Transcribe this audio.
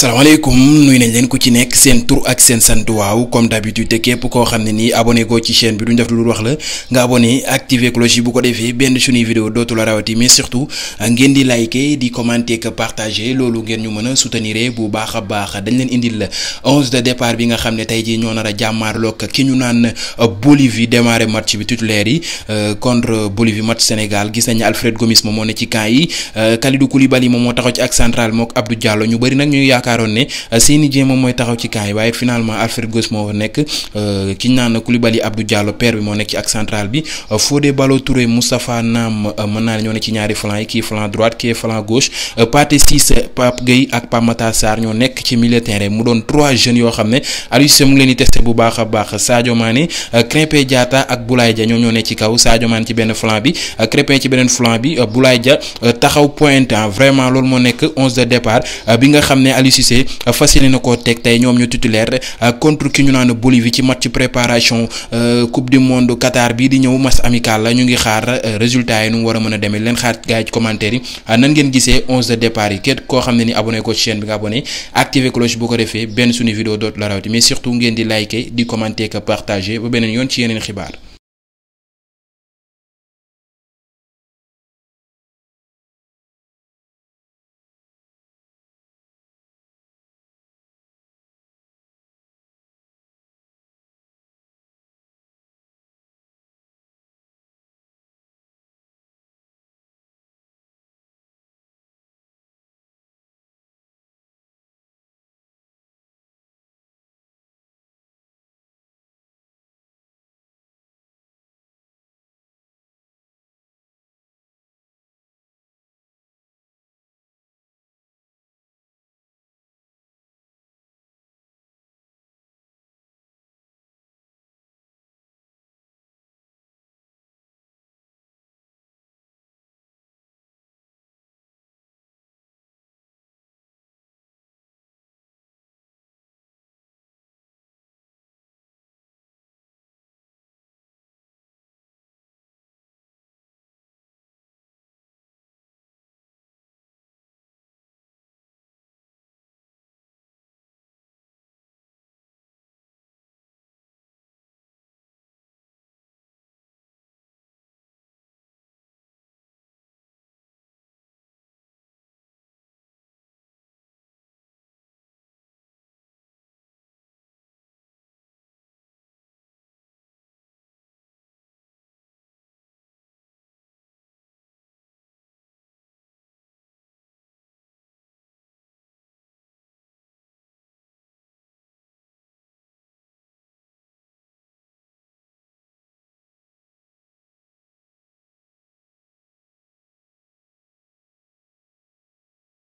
salaamaaleykum nuy nañ leen ku ci nekk seen tur ak seen sant waaw comme d'habitude te képp koo xam ne nii abonné goo ci chaîne bi duñ def lu dul wax la nga abonné activé cloche bu ko defee benn suñuy vidéo dootu la rawati mais surtout ngeen di liker di commenter que partager loolu ngeen ñu mën a soutenir bu baax a baax dañ leen indil la onze de départ bi nga xam ne tey jii ñoo nar a jàmmaarloog ki ñu naan euh, Bolivie démarré match bi titulaire yi euh, contre Bolivie match Sénégal gis nañu Alfred Gomis moom moo ne ci camp yi euh, Kalidou Koulibaly moom moo taxaw ci ak central mook Abdou ñu bëri nag yaakaaroon ne seen i jéem moom mooy taxaw ci camp yi waaye finalement Alfred Gomis moo nekk euh, ki ñu naan Koulibaly Abdou Diallo père bi moo nekk ci ak central bi euh, Fodé Ballo-Touré Moustapha Nam euh, mën naa ñoo ne ci ñaari flanc yi kii flanc droite kii flanc gauche Pathé Cissé Pape Gueye ak Pape Matar ñoo nekk ci milieu mu doon trois jeunes yoo xam ne Aliou mu ngi leen di bu baax a baax Sadio Mané Krépin Diatta ak Boulaye Dia ñoo ñoo ne ci kaw Sadio Mané ci benn flanc bi Krépin ci beneen flanc bi Boulaye Cissé fas yéene na ko teg tey ñoom ñu titulaire euh, contre ki ñu naan Bolivie ci match préparation euh, coupe du monde Qatar bii di ñëw match amical la ñu ngi xaar euh, résultat yi nu mu war a mën a demee leen xaar gars yi ci commentaire yi nan ngeen gisee onze de yi képp koo xam ne ni abonné ko ci chaîne bi nga abonné activé cloche bu ko defee benn suñu vidéo doot la rawati mais surtout ngeen di liker di commenter que partager ba beneen yoon ci yeneen xibaar